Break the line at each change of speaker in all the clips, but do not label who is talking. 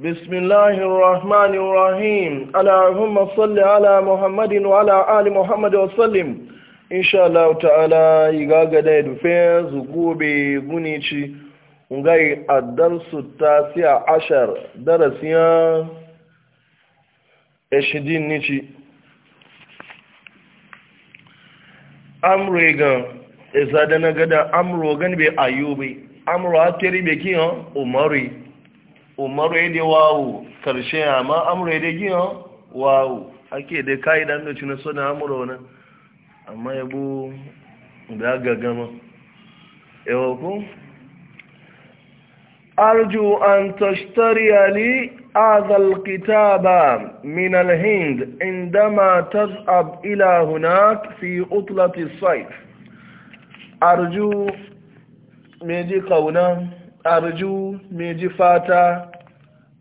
بسم الله الرحمن الرحيم اللهم صل على محمد وعلى آل محمد وسلم إن شاء الله تعالى يغاغا دايد فين زغوبي غنيشي ngai الدرس التاسع عشر درس يا اشدين نيشي amurigan izadana gada amuro gani bai ayubi amuro akiri bai kiyan umari umaru ya dai wawo karshe amma amuru ya dai gina wawo ake dai kayi da hannun cinu suna amuru wani amma yabo da gagama yawoko arju an tashtari ali azal kitaba min alhind indama tazab ila hunak fi utlati saif arju meji kauna arju meji fata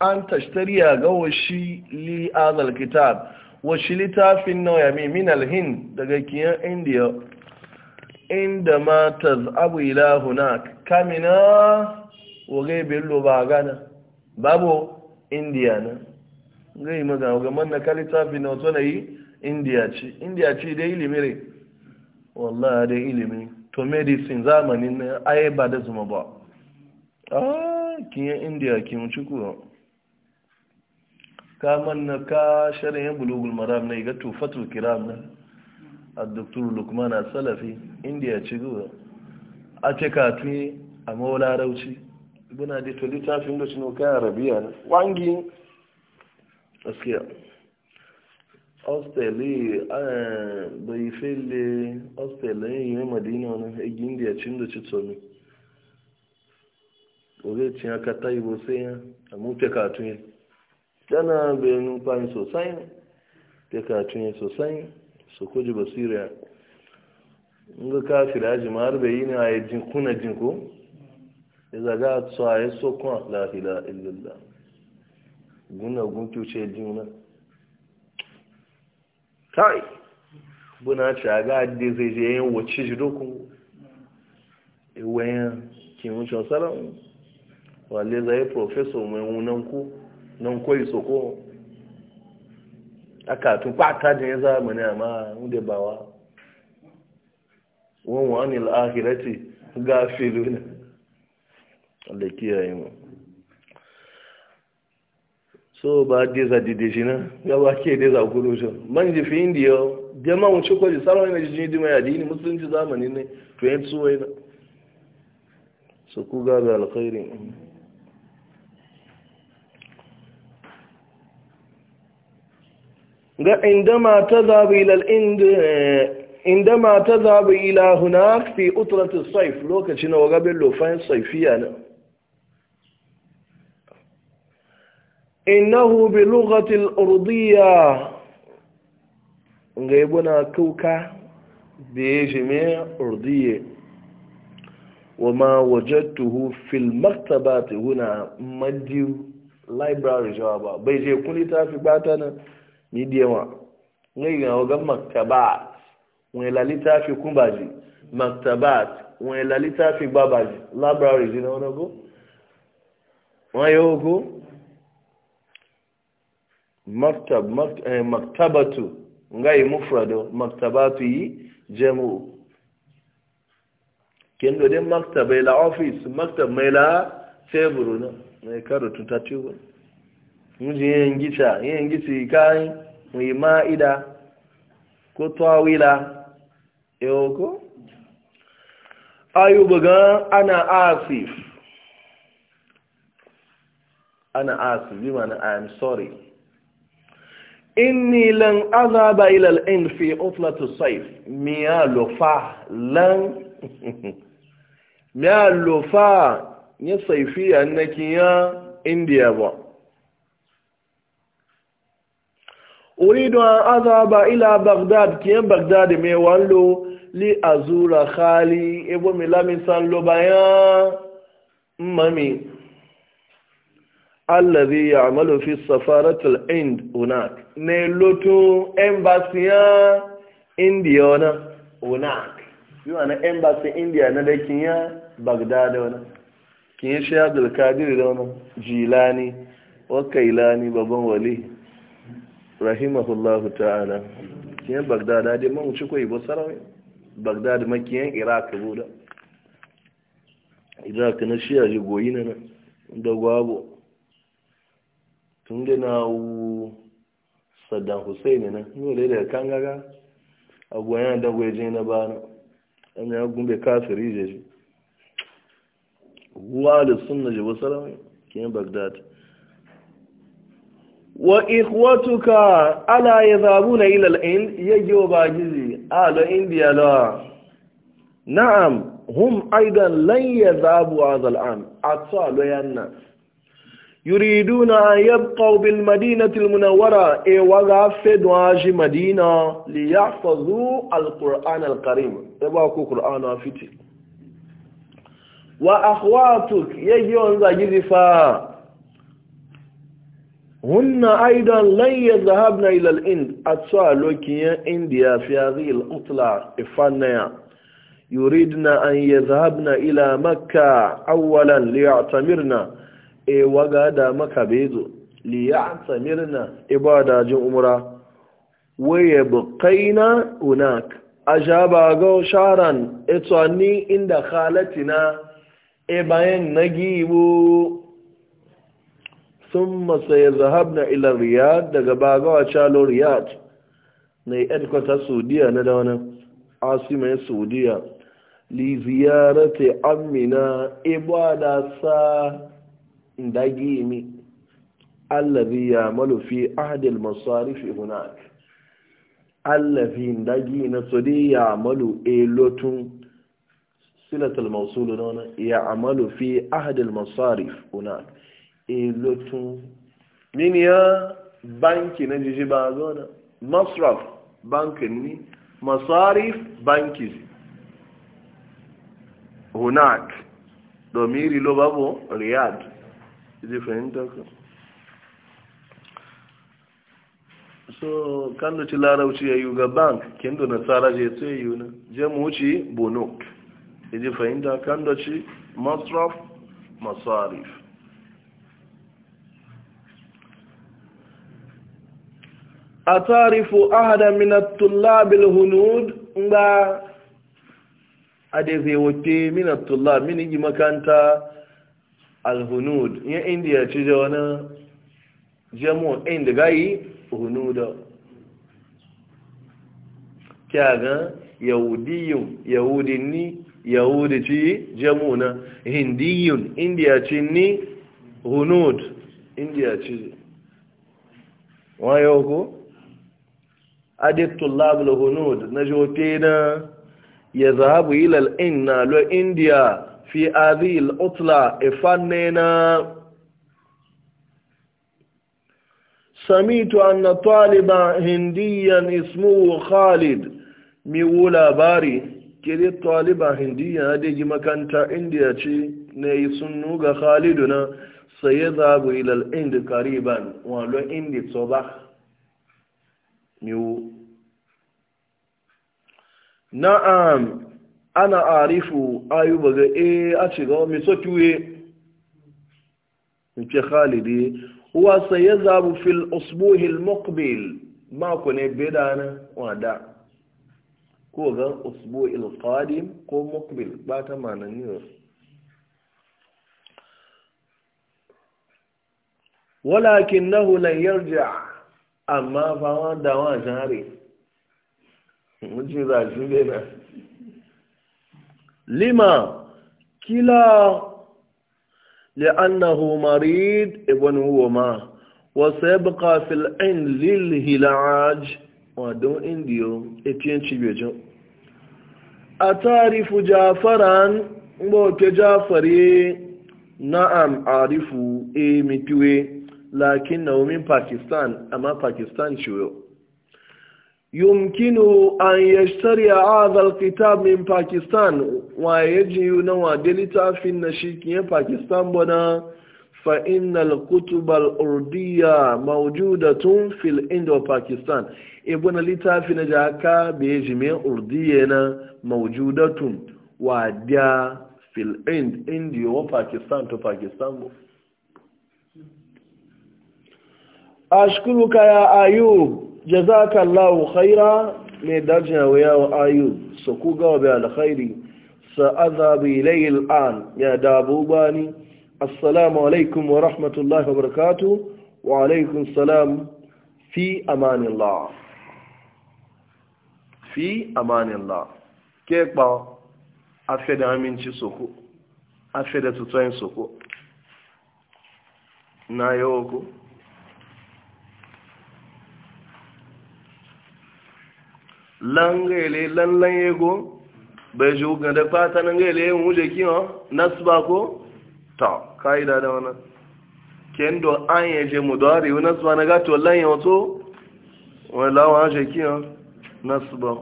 an tashtari a ga washi li azal kitab washi littafin ya mai min alhin daga kiyan indiya inda ma ta ila ilahunak kamina wage bello ba gana babu indiya na gai maza ga manna ka littafin na wato na yi indiya ce indiya ce da ilimi re wallah da ilimi to medicine zamanin na ai ba da zuma ba ah kiyan indiya kin ci kuwa kamar na ka sharhin bulugul maram na ga tufatul kiram na a doktor lukman a salafi indiya ci gaba a ce kafi a maula rauci buna da ta littafin da shino kayan arabiya na wangi gaskiya osteli eh, bai fele osteli yin yi madina wani egi indiya cin da ci tsomi oge cin aka taibo sai ya a mutu katun tana bayan numfani sosai da katunye sosai su kuji basira inda kafin da jima'ar bai yi ne a yi jinkuna jinko ya zaga a tsaye sokon lafila illallah guna ce juna kai buna ce a ga adi zai je yin wacce shi dokun iwayen kimuncin salon wale zai profesor mai wunan ku nan koyi soko aka tun kwata da ya zamani amma inda bawa wọn wani al'ahirati gafilu ne da kiyaye mu so ba deza dide shi na gaba ke za kudu shi man ji fi indiya jama wuce kwaji sarwa yana jijin dima ya dini musulunci zamani ne to yin tsuwa so ku ga ga alkhairin عندما تذهب إلى الإند عندما تذهب إلى هناك في أطرة الصيف لو كتنا وقبل له فين صيفية أنا. إنه بلغة الأرضية غيبنا كوكا بجميع أرضية وما وجدته في المكتبات هنا مديو لايبراري جوابا بيجي كوني تافي باتنا ni diema ngai ga ga maktabat wọn la litafi kumbaji maktabat wọn la litafi babaji library jina wọn go wọn yo go maktab makt, eh, maktabatu ngai mufrado maktabatu yi jamu kin do den maktaba ila ofis maktab mai eh, la teburu eh, na mai karo tutatiwa mji yin gicha yin gici kai mai ma'ida ko tawila yoko ayu ga ana asif ana asif bi mana i am sorry inni lan azaba ila al-in fi utlatu sayf miya lufa lan miya lufa ni saifiya nakin ya indiya ba uridu an azaba ila baghdad kiyan Bagdad mai wallo li azura khali ebo mi lamin san lo bayan mami allazi ya'malu fi safarat al-ind hunak ne loto embassy ya india na hunak yo na embassy india na da kinya baghdad na kadir jilani baban wali rahimahullahu ta'ala kiyan bagdad ade man wuce koyi ba sarawai bagdad makiyan iraq buda iraq na shiya ji goyi na nan da gwabo tun da na wu saddam hussein na yau da kan gaga a goyon da gwaje na bana an ya gumbe kafiri jeji wa da sunna ji ba sarawai kiyan bagdad wa Ikwatuka ala yadhabuna na al-ind yajibu bajizi ala india la na'am hum aidan lan yadhabu hadha al-am atsalu yanna yuriduna an yabqaw madinatul munawara al-munawwara e waga fedwaji madina li yahfazu al al-karim e ba ku qur'an afiti wa akhwatuk yajibu zajizi fa hunna aidan lan yadhhabna ila al-ind atsa lokiyan india fi hadhihi al-utla ifanna yuridna an yadhhabna ila makka awwalan liya'tamirna e waga da maka bezo liya'tamirna ibada jin umra waye buqaina unak ajaba go sharan etwani inda na e bayan nagibu sun masa ya zahabna ilar riyad daga bagawa calo riyad na yi edkwata saudiya na da wani asimai saudiya li ziyarata amina ibada e sa dagi mi allazi ya malufi ahadil masarifi hunak allazi dagi na sodi ya malu elotun silatul mausulu na wani ya amalu ahadil masarif hunak elotun ya banki na jiji ba zona masraf bankin ni masarif banki hunak domiri lo babo riyad zai fahimta ka so kan da ci larauci ya yi ga bank kin na nasara je sai yi na je mu wuce bonok zai fahimta kan do ci masraf masarif atarifu ahada min at-tullab al-hunud ba adeze wote min at-tullab min makanta al-hunud ya india ci da wani jamu inda gai hunuda kyaga yahudiyun yahudini ni yahudi ci jamuna na hindiyun india ci ni hunud india ci wayo ko adiktun labula hunud na jofe na ya zahabu ilal na lo india fi azil utla ifanne na samitu anna taliba hindiyan ismuhu khalid mi wu labari kiri taliba hindiyan adegi makanta india ce na yi sunnu ga khalidu na sai ya zahabu ilal indi kariban walo indi tsoba na'am ana arifu ayuba eh, ga e a ci ga mai sokiwe nke khalidi wasa ya zabu fil usbuhil mokbil mako ne beda na wada ko ga usbuhil qadim ko mokbil ba ta mananiyar walakin nahu lan yarja amma fa da wọn sáré mú lima kila lè annahu marid ibn uwoma wọ́n sẹ́bù ká fìlẹ́n lílì hìláàj wọ́n dún indiyo apn chibiju a tarifu jafaran gbọ́ ke jafare na'am arifu lakin naumin pakistan amma pakistan ciwo yumkinu an yashtari a azal kitab min pakistan waye ya ji na wade littafin na shi kiyan pakistan bana fa'inal kutubal urdiya maujudatun fil indo pakistan ibuna littafin na jaka bai ji mai urdiya na maujudatun wadiya fil indiyo wa pakistan to pakistan bu ashkuruka ya ayub jazakallahu khaira ne dajina wa yawo ayub su ku gawa bi alkhairi sa'azabi ilayhi al'an ya dabu bani assalamu alaikum wa rahmatullahi wa barakatuh wa alaikum salam fi amanillah fi amanillah ke pa afede aminci soko afede tutoyin soko na yau ko langele lanlan yego bai ji gande da fata nan gele yin wuje oh, ko ta ka'ida da wannan kendo an yi je mu dawari wani nasu to na gato lanyan wato oh, wani lawan ashe kiyon oh, nasu ba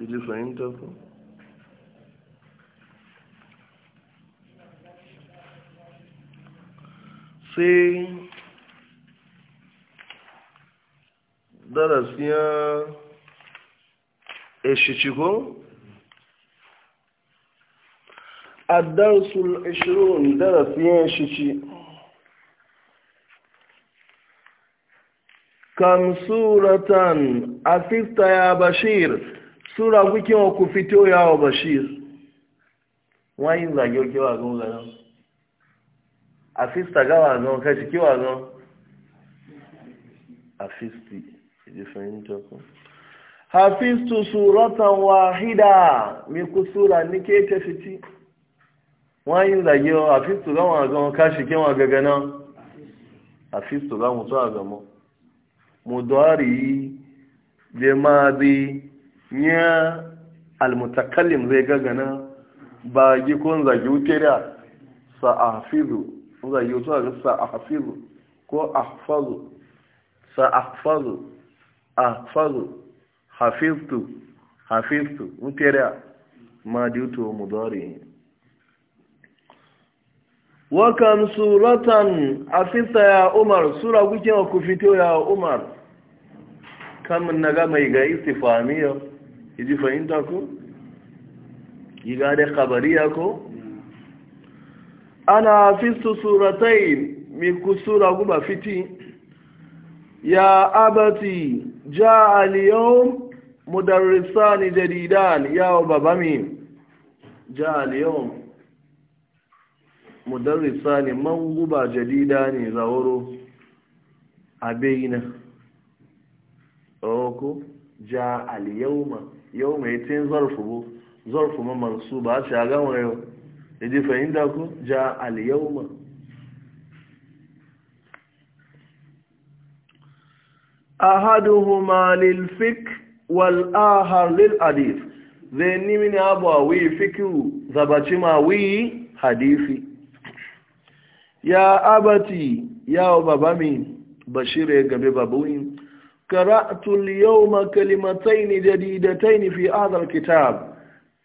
ji fahimta ko sai eshishiko eh, adarsul ishirun darasiyan shici kam suratan asista ya bashir sura kuke oku fito ya wa bashir wani zage oke wa gano? asista ga wa gan kashi ki wa gan afisti different hafistu suratan wahida mi ku sura ni ke ta fiti wọ́n yí ìdàgé ọ hafistu láwọn àgan káṣì kí wọ́n gẹ́gẹ́ náà hafistu láwọn tó àgan mọ́ mo dọ́rì yìí lè máa bí yẹn almutakalim zai gẹ́gẹ́ náà ba yi ko zagi wuce da sa'afizu zagi wuce da sa'afizu ko ahfazu sa'afazu ahfazu hafiztu hafiztu mpira madi utu mudhari wa kam suratan afisa ya umar sura kuke kufitio ya umar kam naga mai ga istifamiyo idi fahimta ko yiga da khabariya ko ana hafistu suratain mi kusura kuba fiti ya abati jaa al-yawm مدرسان جديدان يا بابا مين جاء اليوم مدرسان منغبا جديدان زورو أبينا أوكو جاء اليوم يوم يتين ظرفه ظرف ما منصوب أشياء غيره يجي فإنكو جاء اليوم أحدهما للفكر wal'ahar hadith adis zai nimi ne abu a wi fikiru zabaci ma wi hadisi ya abati ya baba mi bashire gabe yau ma al-yawma kalimatayn jadidatayn fi azar kitab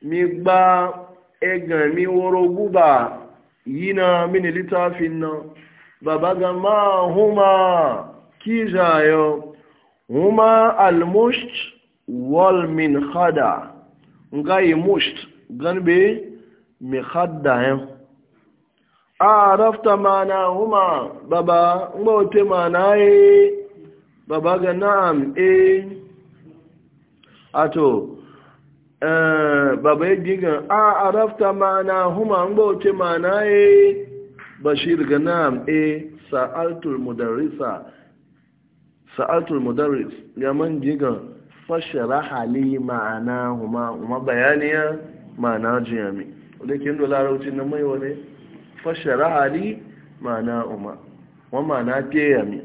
mi gba egan mi guba yina mini littafin na baba gama huma kijayo huma al wal min khada yi musht ganbe mi khadda yan arafta mana huma baba te mana e baba ga na'am e ato eh baba e diga a arafta mana huma te mana e bashir ga na'am e sa'altul mudarrisa sa'altul mudarris ya man diga fasharaha li ma'ana huma huma bayaniya ma'ana jiyami wadda ke ndo larauci na mai wane fasharaha li ma'ana huma wa ma'ana keyami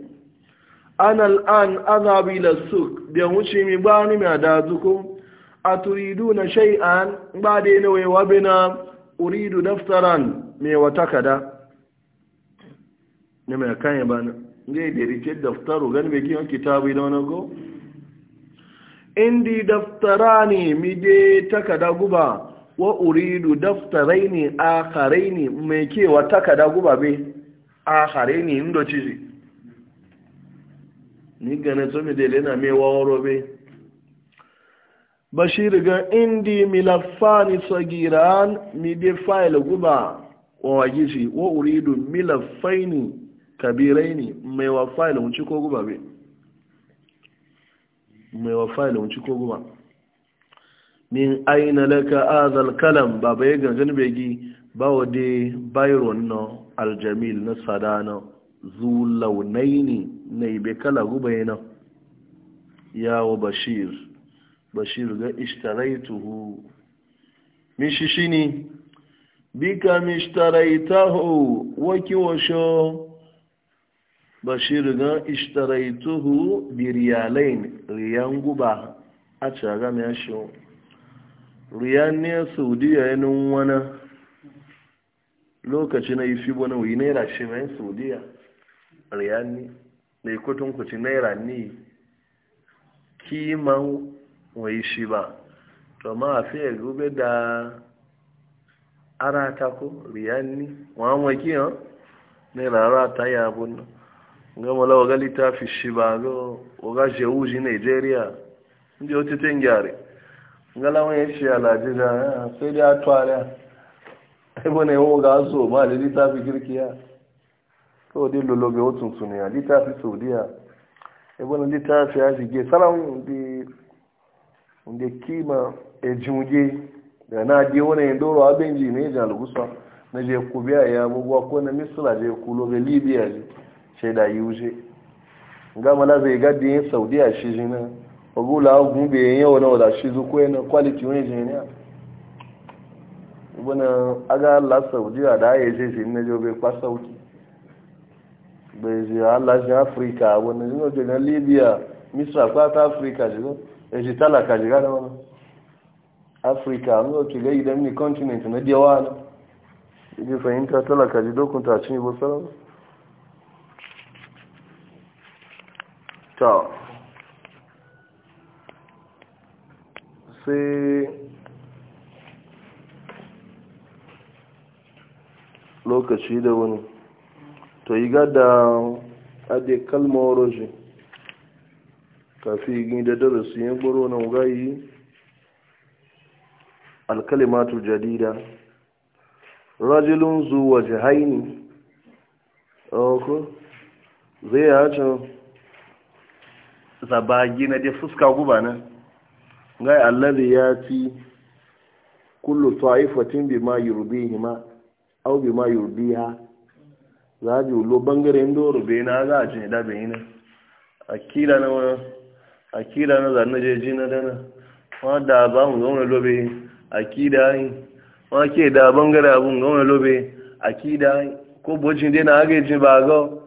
an al'an azabi la suk da wuce mi ba ni mai da zuku a turidu na shay'an ba dai na wai bina uridu daftaran mai wata kada ne mai kan Zai ne ga daftaru gani bai kiyon kitabu idan wani ko indi daftarani mi je takada guba wa uridu daftaraini akharaini me kewa takada guba be akharaini ndo ciji ni gane to mi dele na me waworo be bashir ga indi milafani sagiran mi de file guba wa wajiji wa uridu milafaini kabiraini me wa file mun ci ko guba be mai wafa da wuce ko guma min aina laka azal kalam ba ya gangan begi ba wade byron na aljamil na sadana zu launaini na ibe kala guba yana yawo bashir bashir ga ishtaraituhu min shishini bika mishtaraitahu waki washo bashir gan ishtaraituhu bi riyalain riyan guba a caga mai shi riyan ne saudiya ya wani lokaci na ifi na wuyi naira shi mai saudiya riyan ne mai kuci naira ne kiman wai shi ba to ma a fiye gube da ara ko riyan ne wa'an waki yan naira arata ya abunan gama la waga littafi shibago waga jewuji nigeria ndi o titin gyare ngala wani ya ce alaji da sai dai a tuwara ebe ne yawon ga so ma da littafi girkiya to dai lolobe otun su ne a littafi saudiya ebe ne littafi ya shige salam da kima ejimge da na je wani yin doro abin ji ne jalugusa na je kubiya ya abubuwa ko na misira je kulo ga libya je ce da yi wuce gama la zai gadi yin saudiya shi jina ogula ogun bai yin yau na wada shi zuku yana kwaliti wani jina ibana aga la saudiya da ya je shi na jo bai kwa saudi bai je ala shi Afrika wani jina je na Libya Misra kwa ta Afrika e jina ya ji talaka jiga da wani Afrika mu ki ga idan ni continent na diyawa ne ji fahimta talaka ji dokunta cin ibo sarau sai lokaci da wani to yi gada ade kalmar roji kafin yi da darasi yin gboro na gayi alkalimatu jadida rajilun zuwa jihaini ok zai hacin zabagi na dai fuska guba na ga allazi ya fi kullu ta'ifatin bima yurdihima aw bima yurdiha za ji ulo bangaren doro be na ga ji da be ina da na akira na zan je ji na dana wa da ba mu gona lobe akida yi wa ke da bangare abun gona lobe akida ko bojin dai na ga ji ba ga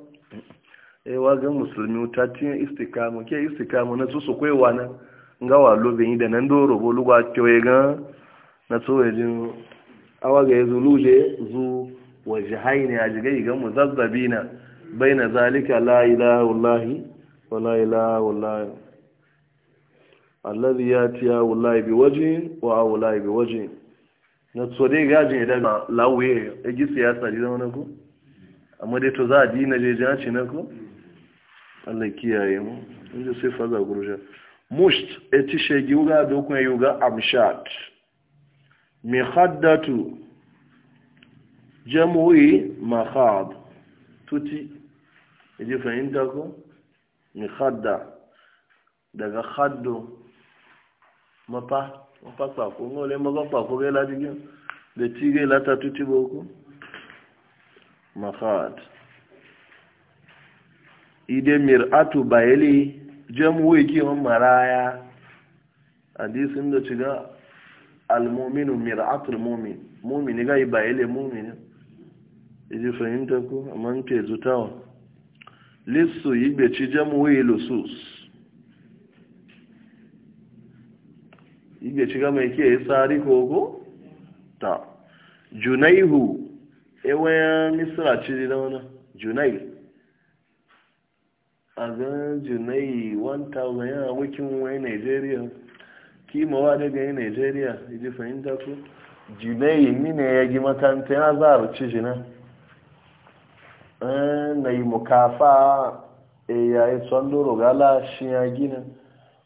ewa eh, ga musulmi ta tiye istikamu ke istikamu na su su kwaiwa na ngawa lobe yi da nan doro bo lugwa kyoye ga na tsoye jin awa ga yazo e luje zu wa jihaini a jigai ga bai na zalika la ilaha wallahi wa la ilaha wallahi alladhi yati ya wallahi bi waji wa wallahi bi waji na tsode gajin idan lawe e gi siyasa ji zama na ku amma dai to za a dina je jina ci na ku Allah kiyaye mu inda sai faza gurja musht eti shegi uga da kuma yuga amshat mihaddatu jamui mahad tuti yaji fahimta ko mihadda daga haddo mapa mapa le mago pa ko ga ladi de tigela lata tuti boku mahad ide mir'atu bayeli jamuwe kiwon maraya hadisin da ciga almominu mir'atul mumin momini ga yi bayeli momini iji fahimta ku a manke zutawa lissu yi gbeci jamuwe lusus yi gbeci ga mai ke tsari kogo ta junaihu ewe misra ci da wani junaihu a na junayi 1000 yana wikin wani nigeria kimawa daga yi nigeria iji fahimta ku junayi mine ya gi makanta ya zarci jina eh, na yi mukafa e ya yi tsandoro gala shi ya gina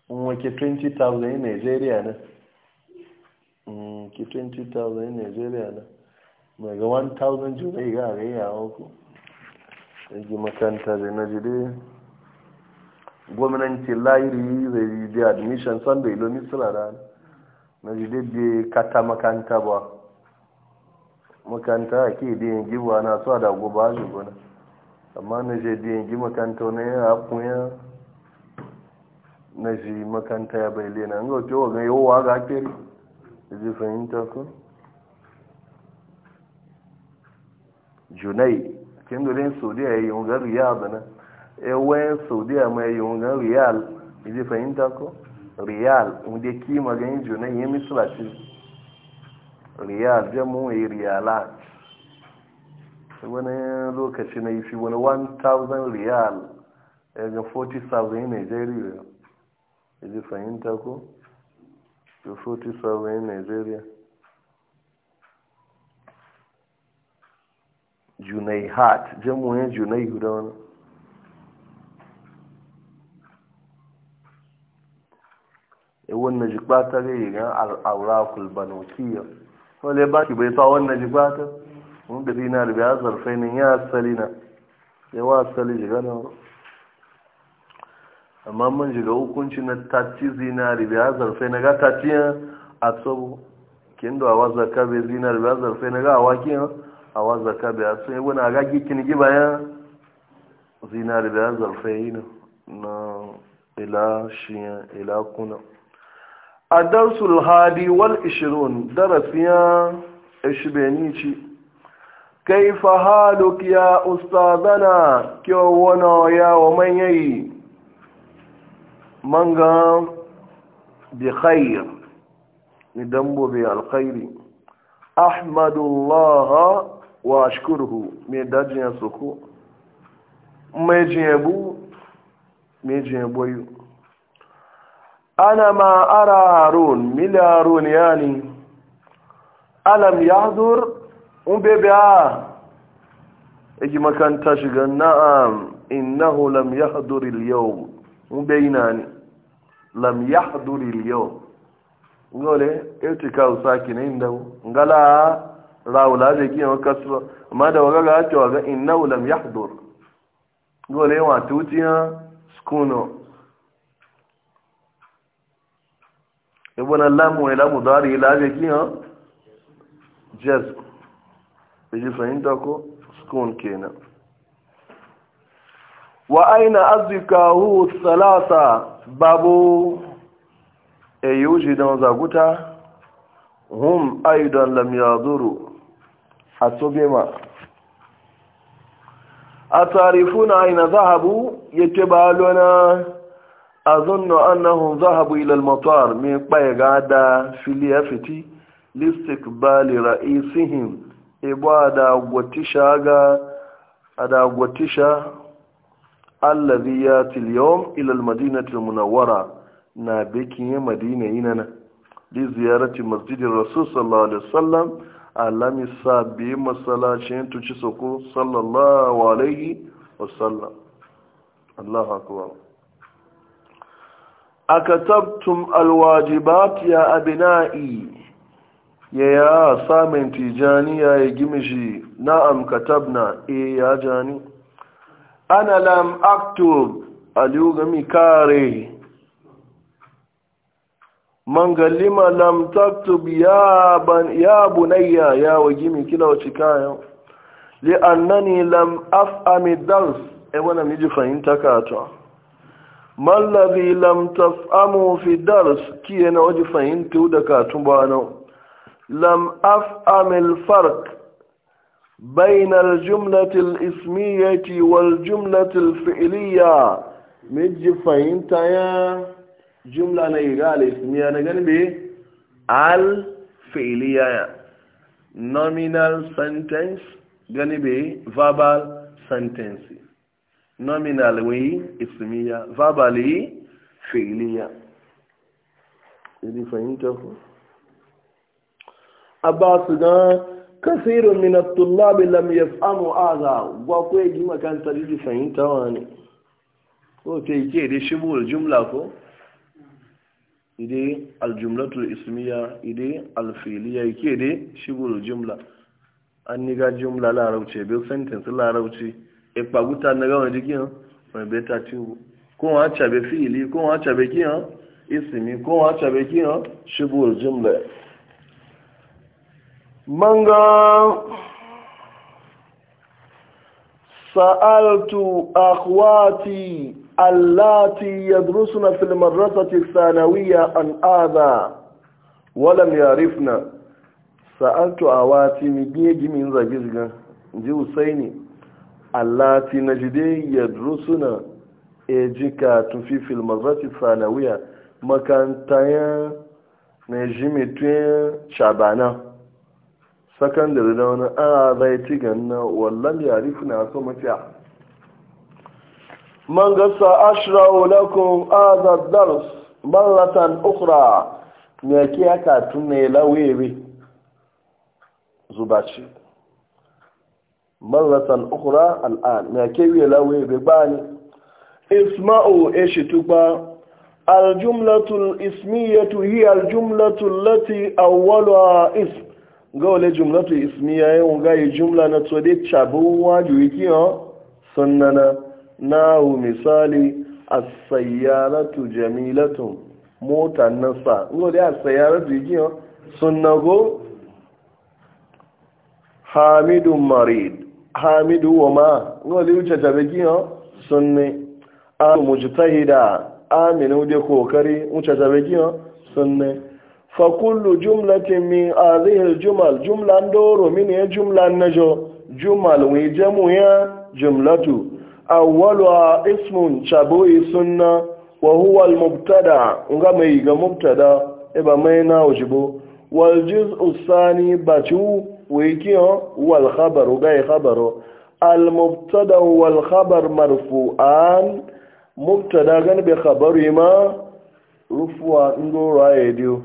wake 20,000 nigeria na mm, ki 20,000 nigeria na mai ga 1,000 junayi ga a gayyawa ku ya gi makanta da na jide gwamnanci layiri zai yi da admission sunday lomi suna da na jide da kata makanta ba makanta a ke da yin giwa na su da goba shi gona amma na je da yin makanta na ya haku ya na ji makanta ya bai lena an gauce wa ga yawa ga kiri da ji fahimta ku junai kin dole saudiya ya yi yungar riyadu na ewen saudiya mai yungan riyal idi fahimta ko riyal inda kima ganin junan yi misalacin riyal jamu yi e riyalat wani lokaci na ifi wani 1000 riyal ga 40,000 nigeria idi fahimta ko 40,000 nigeria junai hat jamu yin e junai guda wani wannan jikwata zai yi al'aurakul banokiyar wale ba ki bai sa wannan jikwata ta wanda zina da biya zarfai ne ya asali na ya wa asali jiga na amma man jiga hukunci na tatti zina da biya zarfai na ga ya a tsobo kin da awa zaka bai zina da biya zarfai na ga awa kin awa zaka bai sun yi wani aga gikin giba ya zina da biya zarfai na ila shiya ila kuna a darsul hadi wal ishirun darasiyan ishibenici kai fa haluk ya ustazana kyau wana ya wa manyayi manga bi khair ni dambo bi alkhairi ahmadullah wa ashkuruhu me dajin suku me jiyabu me jiyabu ana ma ara harun mila harun yani alam yahdur un bebe a iji makanta shiga na'am innahu lam yahdur al-yawm un bayna ni lam yahdur al-yawm ngole etika usaki ne inda ngala raula da ke kasra amma da waga ga cewa ga innahu lam yahdur ngole wa tutiya skuno ibn lamu ila kí hàn be ki ha dọ́kọ́ biji fahimta wà kenan wa aina azkahu salasa babu e yuji don zaguta hum aidan lam yaduru asobema atarifuna aina dhahabu yake balona azonu annahun zahabu ilal matuwar mai kpaya da fili ya fiti listik bali ra'isihin ibo adagwatisha allazi ya tilyom ilal madinatul munawwara na bekin ya madina yana na li ziyarati masjidin rasul sallallahu alaihi wasallam alami sabi masallacin tuci sallallahu alaihi wasallam allahu akbar akatabtum alwajibat ya abinai ya ya samenti jani ya yi gimishi na'am katabna e ya jani ana lam aktub aliyugami kare mangalima lam taktub ya ban ya bunayya ya wajimi kila wachikayo li annani lam af'ami dars e wannan miji fahimta mallabi lam tafamu fi dars kiyana waje fahimta da katun ba nan lam afamil fark bainar jumlatil ismiyyati wal jumlatil fi'liya miji fahimta jumla na yi ga al'ismiya gani be al fi'liya nominal sentence gani be verbal sentence nominal wai ismiya verbally fi'liya idi abbas ga kasirun min at-tullab lam yafhamu hadha wa kwe yi makanta tarihi fahimta wani ko te ke de shibul jumla ko ide al-jumlatul ismiya ide al-fi'liya ke de shibul jumla an ni ga jumla rauce bil sentence rauce ìpàgúta nàgá wọn di kí hàn wọn ìbẹ́ ta tí ó kó wọn àtsàbẹ̀ fíìlì kó wọn àtsàbẹ̀ kí hàn ìsìnmi kó wọn àtsàbẹ̀ kí hàn ṣubú manga sa'altu akhwati allati yadrusuna fil madrasati thanawiyya an adha walam yarifna sa'altu awati mi gege min zagi ji usaini allati najide yadrusuna e jika tufi fil mazati sanawiya makantayan na jimitun shabana sakandare da wani a ah, zai ci ganna wallan yarifu na so mafiya man gasa ashra'u lakum hadha dars marratan ukhra ne ke aka tunne lawewe zubaci marratan ukura al'an na kewiye lawe bai bani isma'u e shi tuba aljumlatul ismiyatu hi aljumlatul lati awwaluha ism ga wale jumlatu ismiya yau eh, ga yi jumla na tsode cabin waju yake ha sannana na misali as-sayyaratu jamilatun mota nasa ngo da as-sayyaratu yake ha sunnago hamidun marid hamidu wa ma ngoli uche tabeki yo sunni a mujtahida aminu de kokari uche tabeki yo sunni fa kullu jumlatin min hadhihi aljumal jumlan ndoro min ya jumlan najo jumal wi jamu ya jumlatu awwaluha ismun chaboi sunna wa huwa almubtada ngama iga mubtada mai na ujibo wal juz'u thani batu ويكيو هو الخبر وغاي خبره المبتدا والخبر مرفوعان مبتدا غن بخبر ما رفوا ندور ايديو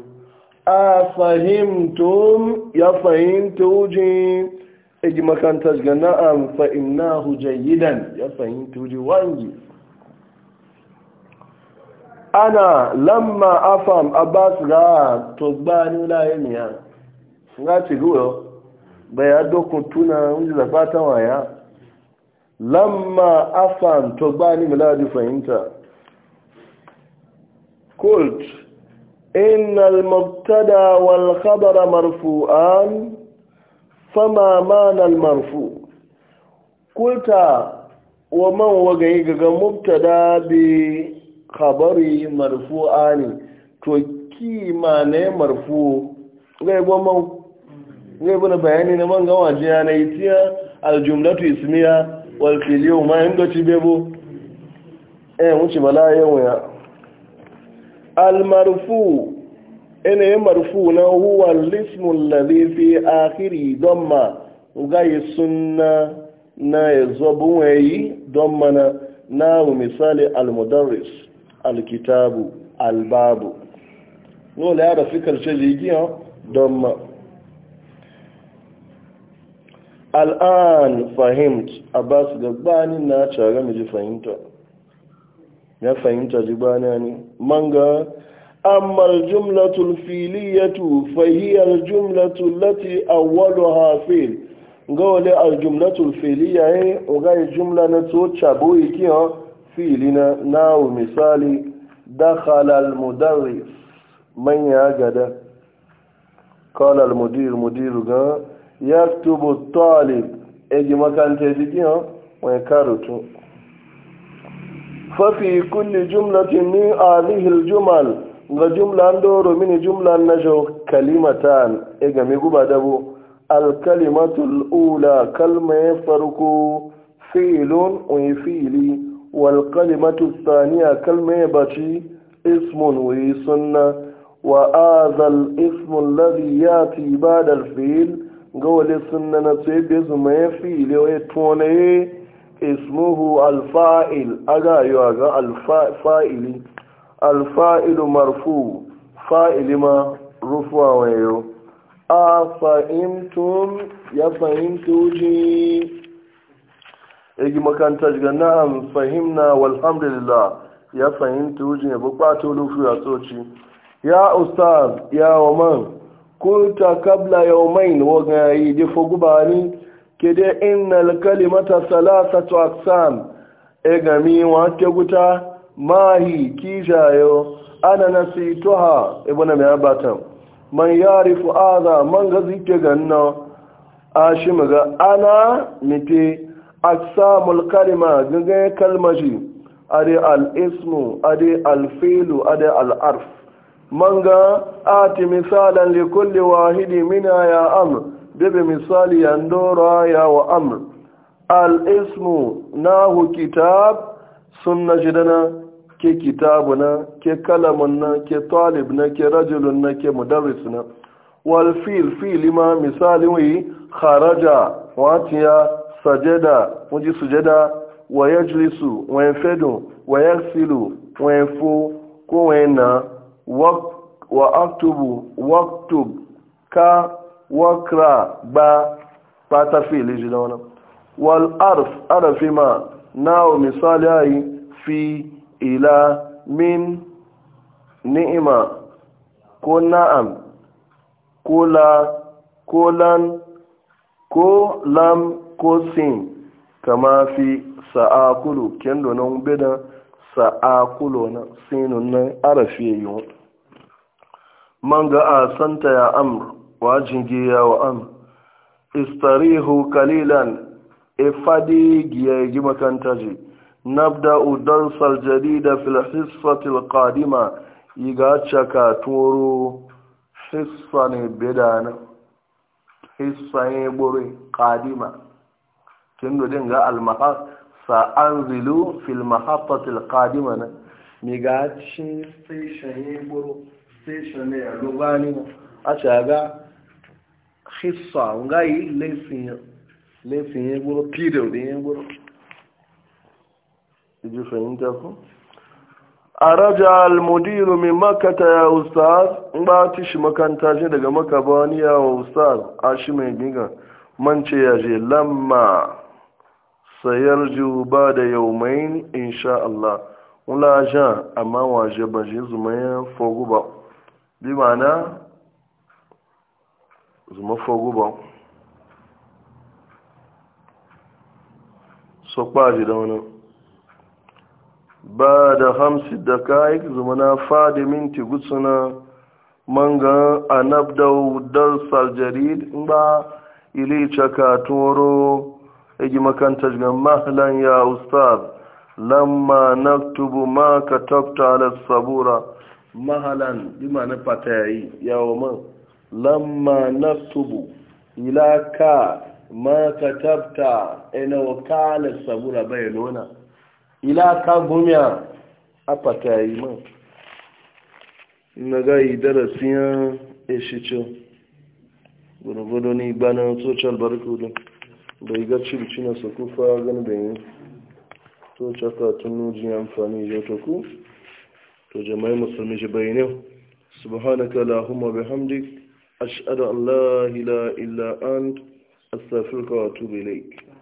افهمتم يا فهمتوا جي اجي مكان تسجنا ام فانه جيدا يا فهمتوا جي وانجي ana lamma afam abbas ga to gba ni ulaye ni ya nga ti guro bai ya dokun tuna wani da fata waya lamma afan to ba ni miladi fahimta kult innal mubtada wal khabara marfu'an fama ma al marfu kulta wa man waga yi gaga mubtada bi khabari marfu'ani to ki ma ne marfu ga man zai mana bayani na man gawa jiya na yi tiya aljumlatu ismiya wal filiyo ma yin doci bebo eh wuce bala yawa ya al marfu ina yin marfu na huwa lismun ladhi fi akhiri damma ugayi suna na ya zobu wayi mana na mu misali al alkitabu, albabu. kitabu al babu nola ya da fikar ce jigiya damma al'an fahimt abbas gagbani na cara miji fahimta ya fahimta ji bana ne manga amma jumlatul filiyatu fahiyar jumlatul lati awwalu hafil ga wale aljumlatul filiya ya e, ogayi e jumla na to cabo iki e fili na nawo misali dakhala almudarris man ya gada kalal almudir mudiru ga يكتب الطالب اجي مكان تيجي ويكرته ففي كل جملة من هذه الجمل وجملة اندور من جملة نجو كلمتان اجي ميقو بادبو الكلمة الأولى كلمة فرقو فيل ويفيلي والكلمة الثانية كلمة بشي اسم ويسن وآذ الاسم الذي يأتي بعد الفيل ga wale nana na tsaye bai zuma ya fi ile ya tona ya e ismuhu alfa'il aga wa ga alfa'ili alfa'ilu marfu fa'ili ma rufuwa wayo a fa'imtun ya fahimtu ji igi makanta ga na'am fahimna walhamdulillah ya fahimtu ji ya bukwato rufuwa tsoci ya ustaz ya wa man kunta kabla yawmain waga yi di fogubani kede innal kalimata salasatu aqsam egami wa teguta mahi kijayo ana nasituha ibn mabatan man yarifu adha man gazike ganna ashim ana mite aqsamul kalima gaga kalmaji ade al ismu ade al fi'lu ade al arf man ga ati misalan li kulli wahidi mina ya amr bebe misali ya ndora ya wa amr al ismu nahu kitab sunna jidana ke kitabu na ke kalamun na ke talib na ke rajulun na ke mudarris na wal fil fil ma misali wi kharaja watiya sajada muji sujada wa yajlisu wa yanfedu wa yaghsilu wa yanfu ko wa wa aktubu waktub ka wakra ba fata fili ji da wal arf arafi ma nawo misali ayi fi ila min ni'ima ko na'am ko la ko lan ko lam ko sin kama fi sa'akulu kendo na beda sa'akulu na sinu na arafi yiwu manga a santa ya amr wajin giya wa amr istarihu kalilan ifadi e giya e gi makanta ji nabda'u darsal jadida fil hissati alqadima iga chaka toro hissa ne bedana hissa ne bore qadima kindo din ga al maha sa anzilu fil kadima na ne miga cin sai shaye boro araja al a lobani ya makata ya ustaz in ba ti shi makanta shi daga makabani ya wa ustaz a shi mai giga man ce ya je lamma sayar ba da yaumain insha Allah wula jan amma waje ba je zuma ya fogu ba bi ma'ana zuma foguban kwaji da wani ba da hamsi da kayik zuma na fadi minti gutsuna manga anab da darsar jarid ba ili ka toro egi makanta jigan mahlan ya ustaz lamma naktubu ma katabta ala sabura mahalan bi ma'ana fatayi ma lamma naktubu ila ka ma katabta ina wakala sabura bayanona ila ka gumiya a fatayi ma na gai darasiyan ishicin gwargwado ni gbanin social barcode bai ga circi na sakufa ganin bayan to caka tunu ji amfani yau ta to jama'ai musulmi shi bai subhanaka lahumma bihamdik ashhadu an la ilaha illa ant astaghfiruka wa atubu ilayk